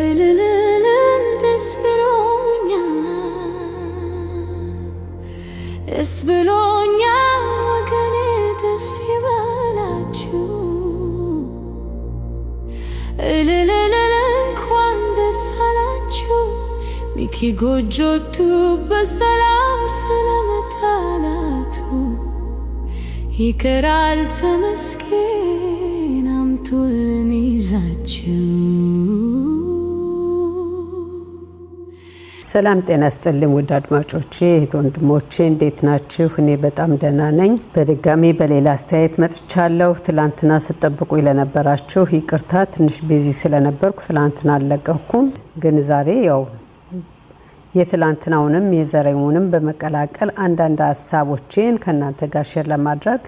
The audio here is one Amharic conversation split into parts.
እልልልን ደስ ብሎኛል፣ ደስ ብሎኛል ወገኔ ደስ ይበላችሁ። እልልልን እንኳን ደስ አላችሁ ሚኪ ጎጆቱ በሰላም ስለመጣላቱ ይከራል ተመስገን አምጡልን ይዛችሁ ሰላም ጤና ስጥልኝ ውድ አድማጮቼ እህት ወንድሞቼ እንዴት ናችሁ? እኔ በጣም ደህና ነኝ። በድጋሚ በሌላ አስተያየት መጥቻለሁ። ትላንትና ስጠብቁ ለነበራችሁ ይቅርታ፣ ትንሽ ቢዚ ስለነበርኩ ትላንትና አልለቀኩም። ግን ዛሬ ያው የትላንትናውንም የዘረኙንም በመቀላቀል አንዳንድ ሀሳቦቼን ከእናንተ ጋር ሼር ለማድረግ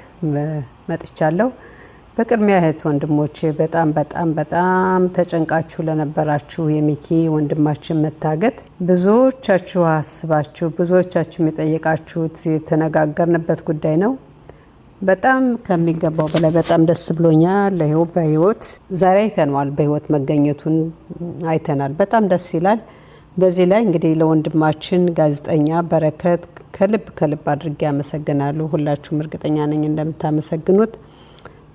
መጥቻለሁ። በቅድሚያ እህት ወንድሞቼ በጣም በጣም በጣም ተጨንቃችሁ ለነበራችሁ የሚኪ ወንድማችን መታገት ብዙዎቻችሁ አስባችሁ ብዙዎቻችሁ የጠየቃችሁት የተነጋገርንበት ጉዳይ ነው። በጣም ከሚገባው በላይ በጣም ደስ ብሎኛል። ለይው በህይወት ዛሬ አይተነዋል። በህይወት መገኘቱን አይተናል። በጣም ደስ ይላል። በዚህ ላይ እንግዲህ ለወንድማችን ጋዜጠኛ በረከት ከልብ ከልብ አድርጌ አመሰግናለሁ። ሁላችሁም እርግጠኛ ነኝ እንደምታመሰግኑት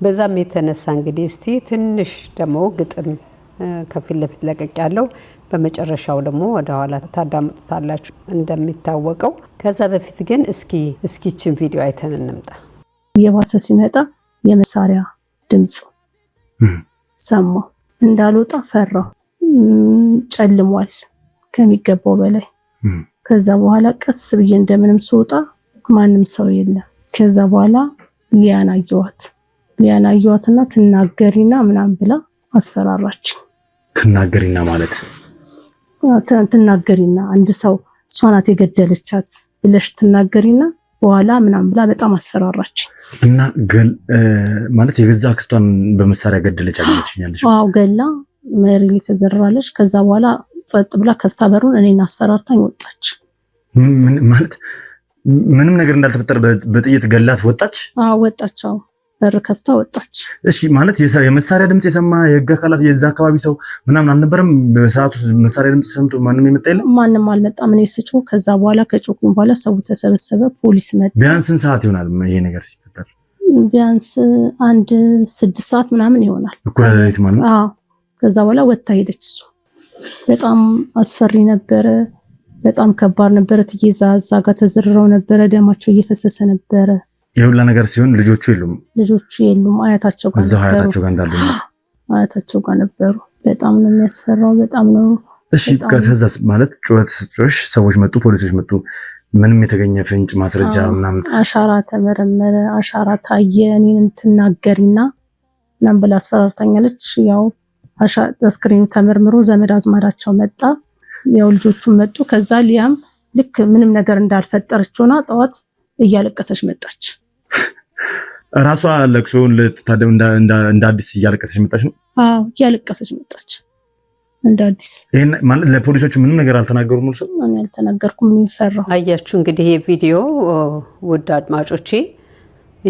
በዛም የተነሳ እንግዲህ እስቲ ትንሽ ደግሞ ግጥም ከፊት ለፊት ለቀቅ ያለው በመጨረሻው ደግሞ ወደኋላ ታዳምጡታላችሁ እንደሚታወቀው። ከዛ በፊት ግን እስኪ እስኪችን ቪዲዮ አይተን እንምጣ። እየባሰ ሲመጣ የመሳሪያ ድምፅ ሰማ። እንዳልወጣ ፈራ። ጨልሟል ከሚገባው በላይ። ከዛ በኋላ ቀስ ብዬ እንደምንም ስወጣ ማንም ሰው የለም። ከዛ በኋላ ሊያናየዋት። ያላየዋትና ትናገሪና ምናምን ብላ አስፈራራች። ትናገሪና ማለት ትናገሪና አንድ ሰው እሷ ናት የገደለቻት ብለሽ ትናገሪና በኋላ ምናምን ብላ በጣም አስፈራራች። እና ማለት የገዛ ክስቷን በመሳሪያ ገደለች አገኘችኛለች። አዎ ገላ መሪ ተዘራለች ከዛ በኋላ ጸጥ ብላ ከፍታ በሩን እኔን አስፈራርታኝ ወጣች። ማለት ምንም ነገር እንዳልተፈጠረ በጥይት ገላት ወጣች። አዎ ወጣች። አዎ በር ከፍታ ወጣች። እሺ ማለት የመሳሪያ ድምፅ የሰማ የህግ አካላት የዛ አካባቢ ሰው ምናምን አልነበረም። በሰዓቱ መሳሪያ ድምፅ ሰምቶ ማንም የመጣ የለም፣ ማንም አልመጣም። እኔ ስጮህ ከዛ በኋላ ከጮኩም በኋላ ሰው ተሰበሰበ፣ ፖሊስ መጣ። ቢያንስን ሰዓት ይሆናል ይሄ ነገር ሲፈጠር? ቢያንስ አንድ ስድስት ሰዓት ምናምን ይሆናል። እኩለ ሌሊት ማለት አዎ። ከዛ በኋላ ወጥታ ሄደች። እሱ በጣም አስፈሪ ነበረ። በጣም ከባድ ነበረ። ትዬ እዛ ጋር ተዘርረው ነበረ፣ ደማቸው እየፈሰሰ ነበረ። የሁላ ነገር ሲሆን ልጆቹ የሉም፣ ልጆቹ የሉም። አያታቸው ጋር እዛው አያታቸው ጋር እንዳሉ አያታቸው ጋር ነበሩ። በጣም ነው የሚያስፈራው። በጣም ነው እሺ። ከዛስ ማለት ጩኸት ጮሽ፣ ሰዎች መጡ፣ ፖሊሶች መጡ። ምንም የተገኘ ፍንጭ ማስረጃ ምናምን አሻራ ተመረመረ፣ አሻራ ታየ። እኔን እንትናገሪና ምናምን ብላ አስፈራርታኛለች። ያው ስክሪኑ ተመርምሮ ዘመድ አዝማዳቸው መጣ፣ ያው ልጆቹም መጡ። ከዛ ሊያም ልክ ምንም ነገር እንዳልፈጠረች ሆና ጠዋት እያለቀሰች መጣች። ራሷ ለቅሶውን ልትታደም እንደ አዲስ እያለቀሰች መጣች ነው? አዎ እያለቀሰች መጣች እንደ አዲስ። ማለት ለፖሊሶቹ ምንም ነገር አልተናገሩም። እርሱ አልተናገርኩም። የሚፈራው አያችሁ እንግዲህ ይሄ ቪዲዮ ውድ አድማጮቼ፣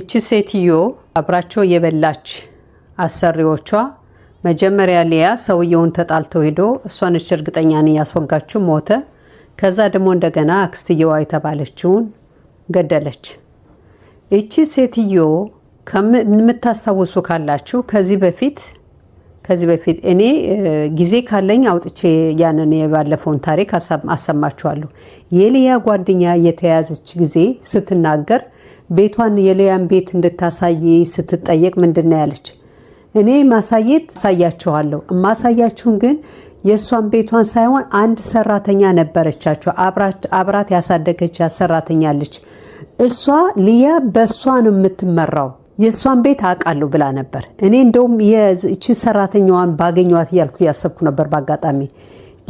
እቺ ሴትዮ አብራቸው የበላች አሰሪዎቿ መጀመሪያ ሊያ ሰውየውን ተጣልተው ሄዶ እሷነች እርግጠኛ ነኝ ያስወጋችው ሞተ። ከዛ ደግሞ እንደገና አክስትየዋ የተባለችውን ገደለች። እቺ ሴትዮ የምታስታውሱ ካላችሁ ከዚህ በፊት ከዚህ በፊት እኔ ጊዜ ካለኝ አውጥቼ ያንን የባለፈውን ታሪክ አሰማችኋለሁ። የሊያ ጓደኛ የተያዘች ጊዜ ስትናገር ቤቷን የሊያን ቤት እንድታሳይ ስትጠየቅ ምንድን ነው ያለች? እኔ ማሳየት አሳያችኋለሁ፣ ማሳያችሁን ግን የእሷን ቤቷን ሳይሆን አንድ ሰራተኛ ነበረቻቸው፣ አብራት ያሳደገች ሰራተኛለች። እሷ ልያ በእሷ ነው የምትመራው። የእሷን ቤት አውቃለሁ ብላ ነበር። እኔ እንደውም ይቺ ሰራተኛዋን ባገኘዋት እያልኩ እያሰብኩ ነበር። በአጋጣሚ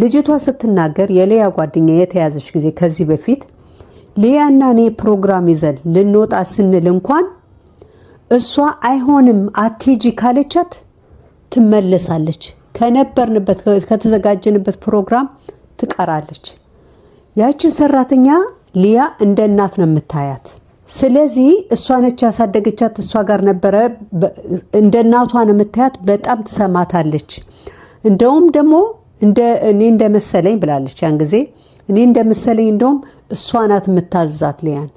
ልጅቷ ስትናገር የልያ ጓደኛ የተያዘች ጊዜ ከዚህ በፊት ልያና እኔ ፕሮግራም ይዘን ልንወጣ ስንል እንኳን እሷ አይሆንም አቴጂ ካለቻት ትመለሳለች። ከነበርንበት ከተዘጋጀንበት ፕሮግራም ትቀራለች። ያችን ሰራተኛ ሊያ እንደ እናት ነው የምታያት። ስለዚህ እሷ ነች ያሳደገቻት፣ እሷ ጋር ነበረ። እንደ እናቷ ነው የምታያት። በጣም ትሰማታለች። እንደውም ደግሞ እኔ እንደመሰለኝ ብላለች ያን ጊዜ እኔ እንደመሰለኝ እንደውም እሷ ናት የምታዛት ሊያን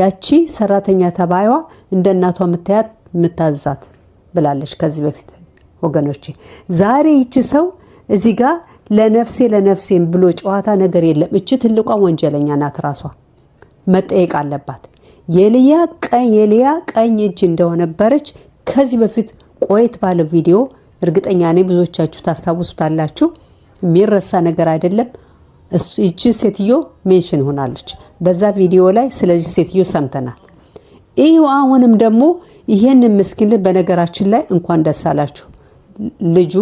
ያቺ ሰራተኛ ተባይዋ እንደ እናቷ የምታያት የምታዛት ብላለች ከዚህ በፊት ወገኖቼ ዛሬ ይቺ ሰው እዚህ ጋ ለነፍሴ ለነፍሴም ብሎ ጨዋታ ነገር የለም። እቺ ትልቋን ወንጀለኛ ናት። ራሷ መጠየቅ አለባት። የልያ ቀኝ የልያ ቀኝ እጅ እንደሆነበረች ከዚህ በፊት ቆየት ባለ ቪዲዮ እርግጠኛ ነኝ ብዙዎቻችሁ ታስታውሱታላችሁ። የሚረሳ ነገር አይደለም። እቺ ሴትዮ ሜንሽን ሆናለች በዛ ቪዲዮ ላይ። ስለዚህ ሴትዮ ሰምተናል። ይህ አሁንም ደግሞ ይህን ምስኪን በነገራችን ላይ እንኳን ደስ አላችሁ ልጁ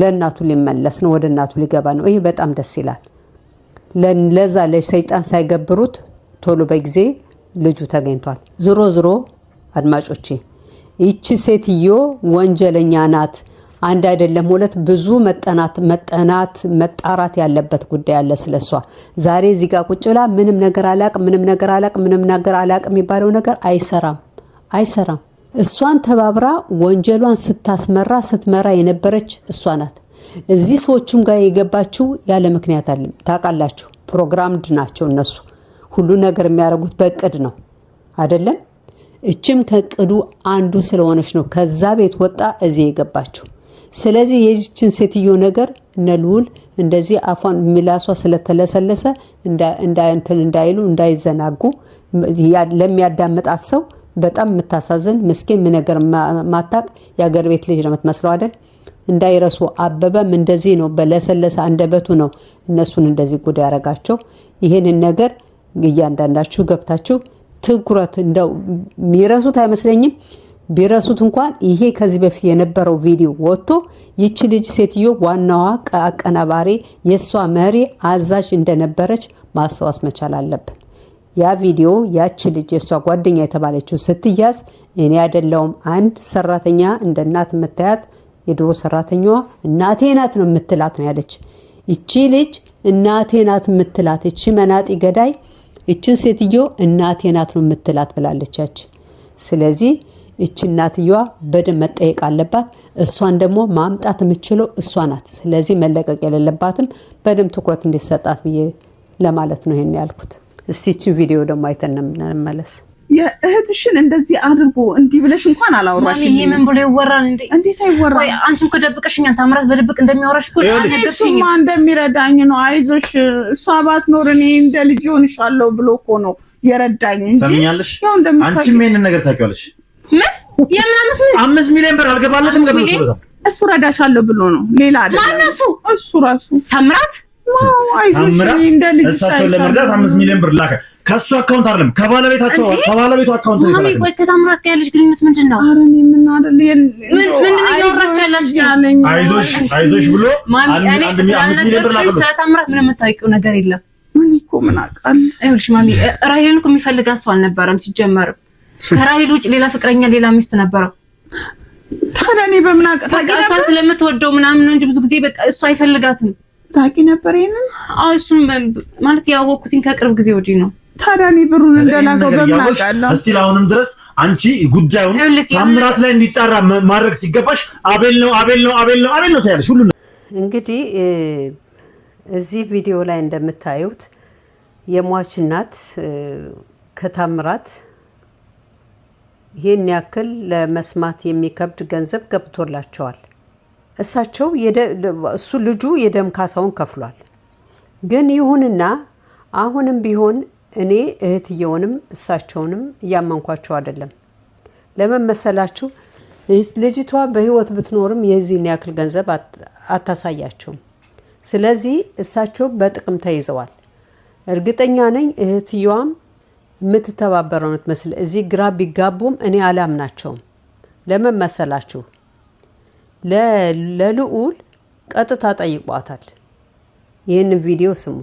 ለእናቱ ሊመለስ ነው፣ ወደ እናቱ ሊገባ ነው። ይህ በጣም ደስ ይላል። ለዛ ለሰይጣን ሳይገብሩት ቶሎ በጊዜ ልጁ ተገኝቷል። ዝሮ ዝሮ አድማጮቼ ይቺ ሴትዮ ወንጀለኛ ናት። አንድ አይደለም ሁለት፣ ብዙ መጠናት መጠናት መጣራት ያለበት ጉዳይ አለ ስለሷ። ዛሬ እዚህ ጋር ቁጭ ብላ ምንም ነገር አላቅ ምንም ነገር አላቅ ምንም ነገር አላቅ የሚባለው ነገር አይሰራም አይሰራም። እሷን ተባብራ ወንጀሏን ስታስመራ ስትመራ የነበረች እሷ ናት። እዚህ ሰዎቹም ጋር የገባችው ያለ ምክንያት አለም። ታውቃላችሁ፣ ፕሮግራምድ ናቸው እነሱ። ሁሉ ነገር የሚያደርጉት በእቅድ ነው አይደለም? እችም ከእቅዱ አንዱ ስለሆነች ነው ከዛ ቤት ወጣ እዚህ የገባችው። ስለዚህ የዚችን ሴትዮ ነገር እነ ልዑል እንደዚህ አፏን ሚላሷ ስለተለሰለሰ እንዳንትን እንዳይሉ እንዳይዘናጉ ለሚያዳምጣት ሰው በጣም የምታሳዝን ምስኪን ምነገር ነገር ማታቅ የአገር ቤት ልጅ ነው የምትመስለው አይደል? እንዳይረሱ አበበም እንደዚህ ነው፣ በለሰለሰ አንደበቱ ነው እነሱን እንደዚህ ጉድ ያደረጋቸው። ይህንን ነገር እያንዳንዳችሁ ገብታችሁ ትኩረት እንደው የሚረሱት አይመስለኝም። ቢረሱት እንኳን ይሄ ከዚህ በፊት የነበረው ቪዲዮ ወጥቶ ይቺ ልጅ ሴትዮ ዋናዋ አቀናባሪ፣ የእሷ መሪ አዛዥ እንደነበረች ማስታወስ መቻል አለብን። ያ ቪዲዮ ያቺ ልጅ የእሷ ጓደኛ የተባለችው ስትያዝ እኔ አይደለሁም አንድ ሰራተኛ እንደ እናት የምታያት የድሮ ሰራተኛዋ እናቴ ናት ነው የምትላት ነው ያለች። እቺ ልጅ እናቴ ናት የምትላት እቺ መናጢ ገዳይ እችን ሴትዮ እናቴ ናት ነው የምትላት ብላለች ያች። ስለዚህ እች እናትየዋ በደንብ መጠየቅ አለባት። እሷን ደግሞ ማምጣት የምችለው እሷ ናት። ስለዚህ መለቀቅ የሌለባትም በደንብ ትኩረት እንዲሰጣት ብዬ ለማለት ነው ይሄን ያልኩት። እስቲ ቪዲዮ ደግሞ አይተን እንመለስ። የእህትሽን እንደዚህ አድርጎ እንዲህ ብለሽ እንኳን አላወራሽ። ይሄ ምን ብሎ ይወራል? እንዴት አይወራም? ወይ አንቺም ከደብቀሽኛ ታምራት በድብቅ እንደሚያወራሽ እኮ እሱማ እንደሚረዳኝ ነው። አይዞሽ እሷ ባትኖር እኔ እንደ ልጅ ሆንሻለሁ ብሎ እኮ ነው የረዳኝ እንጂ ሰምኛለሽ። አንቺም ይሄንን ነገር ታውቂዋለሽ። ምን የምን አምስት ሚሊዮን አምስት ሚሊዮን ብር አልገባለትም። እሱ ረዳሻለሁ ብሎ ነው ሌላ አይደለም። ማነው እሱ እሱ ራሱ ታምራት እሳቸውን ለመርዳት አምስት ሚሊዮን ብር ላከ። ከእሱ አካውንት አይደለም ከባለቤታቸው ከባለቤቱ አካውንት ነው። ማሚ ቆይ ከታምራት ጋር ያለሽ ግንኙነት ምንድን ነው? ኧረ እኔ ምን አይደል ምን ምን እያወራችሁ ያላችሁ? አይዞሽ አይዞሽ ብሎ ስለታምራት ምንም የምታውቂው ነገር የለም። እኔ እኮ ምን አውቃለሁ። ይኸውልሽ ማሚ ራሄልን እኮ የሚፈልጋት ሰው አልነበረም። ሲጀመርም ከራሄል ውጭ ሌላ ፍቅረኛ፣ ሌላ ሚስት ነበረው። ታዲያ እኔ በምን አውቃለሁ? እሷን ስለምትወደው ምናምን ነው እንጂ ብዙ ጊዜ በቃ እሱ አይፈልጋትም። ታውቂ ነበር ይሄንን? አይ እሱን ማለት ያወቅኩትኝ ከቅርብ ጊዜ ወዲህ ነው። ታዲያ እኔ ብሩን እንደላከው በምን አውቃለሁ? እስቲል አሁንም ድረስ አንቺ ጉዳዩን ታምራት ላይ እንዲጣራ ማድረግ ሲገባሽ አቤል ነው አቤል ነው አቤል ነው አቤል ነው ታያለሽ። ሁሉ እንግዲህ እዚህ ቪዲዮ ላይ እንደምታዩት የሟች እናት ከታምራት ይህን ያክል ለመስማት የሚከብድ ገንዘብ ገብቶላቸዋል። እሳቸው እሱ ልጁ የደም ካሳውን ከፍሏል። ግን ይሁንና አሁንም ቢሆን እኔ እህትየውንም እሳቸውንም እያመንኳቸው አይደለም። ለምን መሰላችሁ? ልጅቷ በህይወት ብትኖርም የዚህን ያክል ገንዘብ አታሳያቸውም። ስለዚህ እሳቸው በጥቅም ተይዘዋል። እርግጠኛ ነኝ እህትየዋም የምትተባበረው ነው እዚህ ግራ ቢጋቡም እኔ አላምናቸውም። ለምን መሰላችሁ? ለልዑል ቀጥታ ጠይቋታል። ይህን ቪዲዮ ስሙ።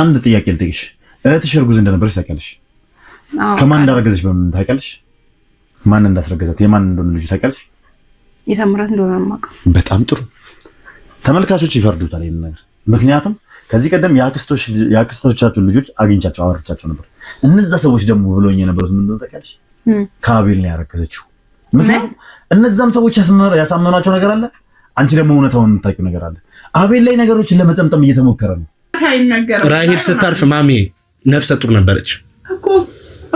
አንድ ጥያቄ ልጠይቅሽ። እህትሽ እርጉዝ እንደነበረች ታውቂያለሽ? ከማን እንዳረገዘች በምን ታውቂያለሽ? ማን እንዳስረገዛት የማን እንደሆነ ልጁ ታውቂያለሽ? የታምራት እንደሆነ የማውቀው። በጣም ጥሩ። ተመልካቾች ይፈርዱታል ይህን ነገር። ምክንያቱም ከዚህ ቀደም የአክስቶቻቸውን ልጆች አግኝቻቸው አወርቻቸው ነበር። እነዛ ሰዎች ደግሞ ብሎኝ የነበሩት ምንድን ነው ታውቂያለሽ? ከአቤል ነው ያረገዘችው ምክንያቱም እነዛም ሰዎች ያሳመኗቸው ነገር አለ፣ አንቺ ደግሞ እውነታውን የምታውቂው ነገር አለ። አቤል ላይ ነገሮችን ለመጠምጠም እየተሞከረ ነው። ራሄል ስታርፍ ማሜ ነፍሰ ጡር ነበረች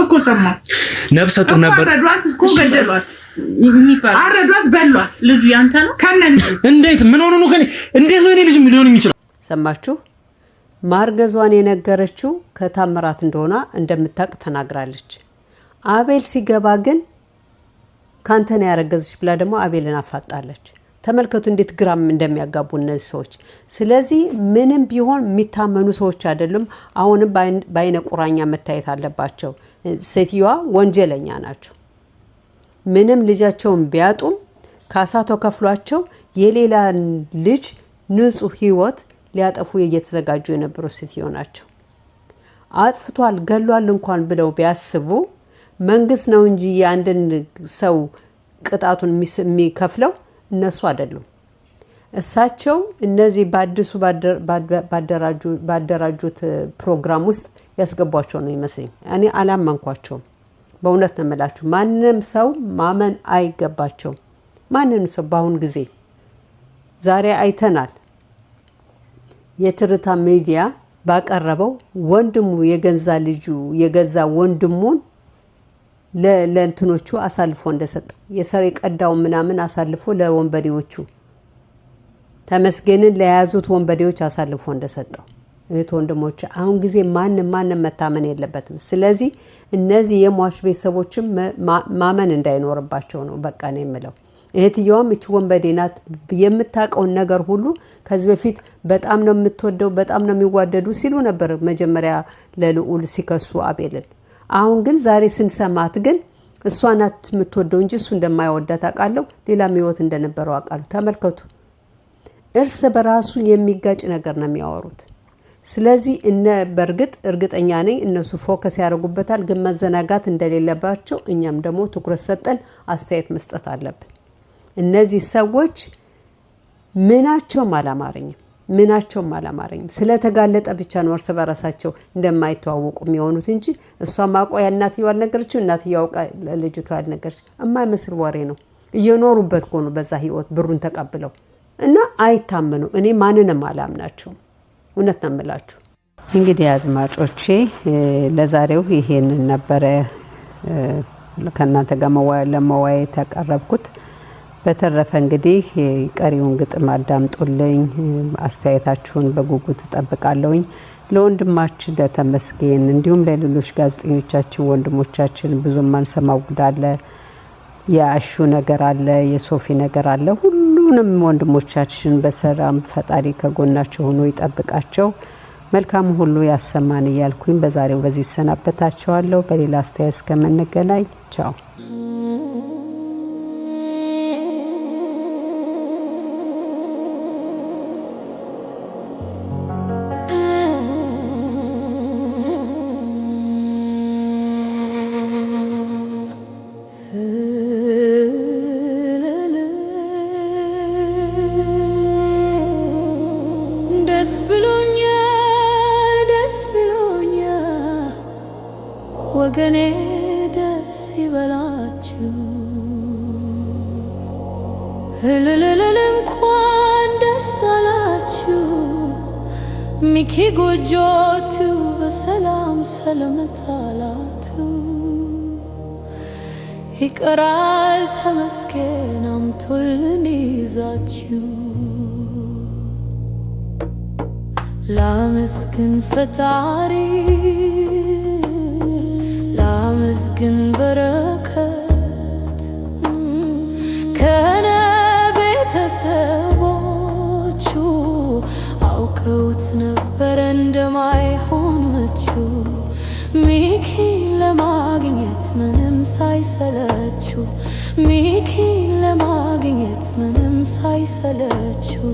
እኮ ሰማሁ። ነፍሰ ጡር ነበር። አረዷት እኮ ገደሏት፣ አረዷት፣ በሏት። ልጁ ያንተ ነው ከነ ልጁ። እንዴት ምን ሆኖ ነው? እንዴት ነው እኔ ልጅ ሊሆን የሚችለው? ሰማችሁ። ማርገዟን የነገረችው ከታምራት እንደሆነ እንደምታውቅ ተናግራለች። አቤል ሲገባ ግን ከአንተ ነው ያረገዘች ብላ ደግሞ አቤልን አፋጣለች። ተመልከቱ እንዴት ግራም እንደሚያጋቡ እነዚህ ሰዎች። ስለዚህ ምንም ቢሆን የሚታመኑ ሰዎች አይደሉም። አሁንም በአይነ ቁራኛ መታየት አለባቸው። ሴትዮዋ ወንጀለኛ ናቸው። ምንም ልጃቸውን ቢያጡም ከአሳቶ ከፍሏቸው የሌላ ልጅ ንጹሕ ህይወት ሊያጠፉ እየተዘጋጁ የነበሩ ሴትዮ ናቸው። አጥፍቷል ገሏል እንኳን ብለው ቢያስቡ መንግስት ነው እንጂ የአንድን ሰው ቅጣቱን የሚከፍለው እነሱ አይደሉም። እሳቸው እነዚህ በአዲሱ ባደራጁት ፕሮግራም ውስጥ ያስገቧቸው ነው ይመስለኝ። እኔ አላመንኳቸውም። በእውነት ነው የምላችሁ። ማንም ሰው ማመን አይገባቸውም። ማንም ሰው በአሁኑ ጊዜ ዛሬ አይተናል። የትርታ ሚዲያ ባቀረበው ወንድሙ የገዛ ልጁ የገዛ ወንድሙን ለእንትኖቹ አሳልፎ እንደሰጠ የሰር የቀዳውን ምናምን አሳልፎ ለወንበዴዎቹ ተመስገንን ለያዙት ወንበዴዎች አሳልፎ እንደሰጠው እህት ወንድሞች፣ አሁን ጊዜ ማንም ማንም መታመን የለበትም። ስለዚህ እነዚህ የሟች ቤተሰቦችም ማመን እንዳይኖርባቸው ነው በቃ ነው የምለው። እህትየዋም እች ወንበዴ ናት የምታውቀውን ነገር ሁሉ ከዚህ በፊት በጣም ነው የምትወደው፣ በጣም ነው የሚዋደዱ ሲሉ ነበር መጀመሪያ ለልዑል ሲከሱ አቤልን አሁን ግን ዛሬ ስንሰማት ግን እሷ ናት የምትወደው እንጂ እሱ እንደማይወዳት አውቃለሁ። ሌላም ህይወት እንደነበረው አውቃለሁ። ተመልከቱ፣ እርስ በራሱ የሚጋጭ ነገር ነው የሚያወሩት። ስለዚህ እነ በእርግጥ እርግጠኛ ነኝ እነሱ ፎከስ ያደርጉበታል፣ ግን መዘናጋት እንደሌለባቸው እኛም ደግሞ ትኩረት ሰጠን አስተያየት መስጠት አለብን። እነዚህ ሰዎች ምናቸውም አላማረኝም። ምናቸውም አላማረኝም። ስለተጋለጠ ብቻ ነው እርስ በራሳቸው እንደማይተዋወቁ የሚሆኑት እንጂ እሷ ማቆያ እናትየው አልነገረችው፣ እናትየው አውቃ ልጅቷ አልነገረች። የማይመስል ወሬ ነው። እየኖሩበት ከሆኑ በዛ ህይወት ብሩን ተቀብለው እና አይታመኑ። እኔ ማንንም አላምናቸውም። እውነት ነው የምላችሁ። እንግዲህ አድማጮቼ ለዛሬው ይሄንን ነበረ ከእናንተ ጋር ለመወያየት ያቀረብኩት። በተረፈ እንግዲህ ቀሪውን ግጥም አዳምጡልኝ። አስተያየታችሁን በጉጉት እጠብቃለሁኝ። ለወንድማችን ለተመስገን እንዲሁም ለሌሎች ጋዜጠኞቻችን ወንድሞቻችን ብዙ ማንሰማው ጉዳለ አለ፣ የአሹ ነገር አለ፣ የሶፊ ነገር አለ። ሁሉንም ወንድሞቻችን በሰላም ፈጣሪ ከጎናቸው ሆኖ ይጠብቃቸው፣ መልካም ሁሉ ያሰማን እያልኩኝ በዛሬው በዚህ ይሰናበታቸዋለሁ። በሌላ አስተያየት እስከምንገናኝ ቻው። ወገኔ ደስ ይበላችሁ፣ እልልልል እንኳን ደስ አላችሁ። ሚኪ ጎጆቱ በሰላም ሰለመታላቱ ይቀራል ተመስገን አምቶልን ይዛችሁ ላመስግን ፈጣሪ ግን በረከት ከነ ቤተሰቦቹ አውቀውት ነበረ እንደማይሆን ምቹ ሚኪን ለማግኘት ምንም ሳይሰለችው ሚኪን ለማግኘት ምንም ሳይሰለችው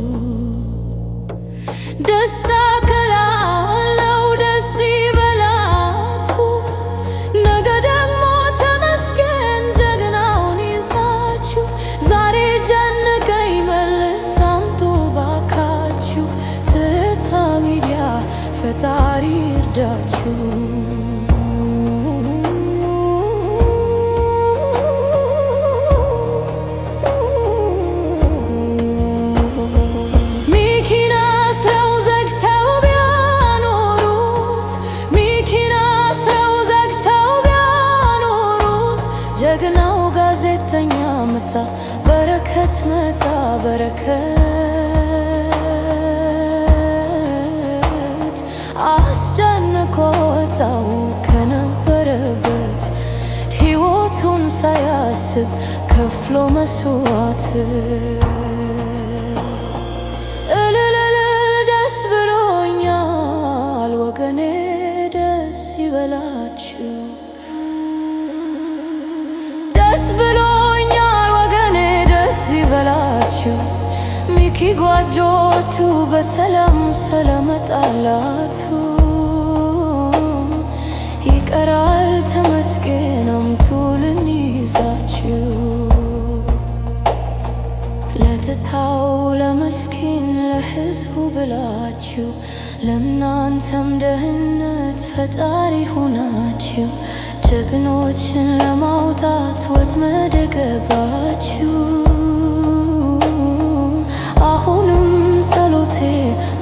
ደስታ ከላለው ደስ ፈጣሪ ይርዳችሁ። ሚኪና ስረው ዘግተው ዘግተው ቢያኖሩት ጀግናው ጋዜጠኛ መታ በረከት መጣ በረከት ሲያነሳው ከነበረበት ሕይወቱን ሳያስብ ከፍሎ መስዋዕት እልልል ደስ ብሎኛል ወገኔ፣ ደስ ይበላችሁ ደስ ብሎኛል ወገኔ፣ ደስ ይበላችሁ ሚኪ ጓጆቱ በሰላም ስለመጣላቱ ይቀራል ተመስገን አምቱ ልንይዛችሁ ለተታው ለመስኪን ለህዝቡ ብላችሁ ለእናንተም ደህንነት ፈጣሪ ሆናችሁ ጀግኖችን ለማውጣት ወጥመድ ገባችሁ። አሁንም ጸሎቴ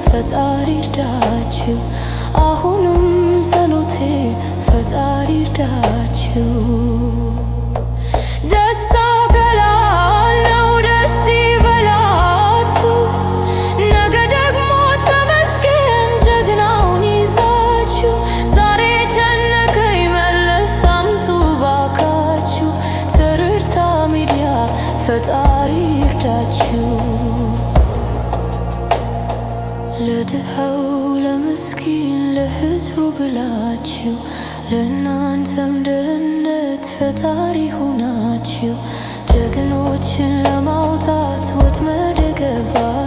ፈጣሪ እርዳችሁ። አሁንም ጸሎቴ I'll Daddy, touch you. ለእናንተም ድህነት ፈጣሪ ሆናችሁ ጀግኖችን ለማውጣት ወጥመድ ገባ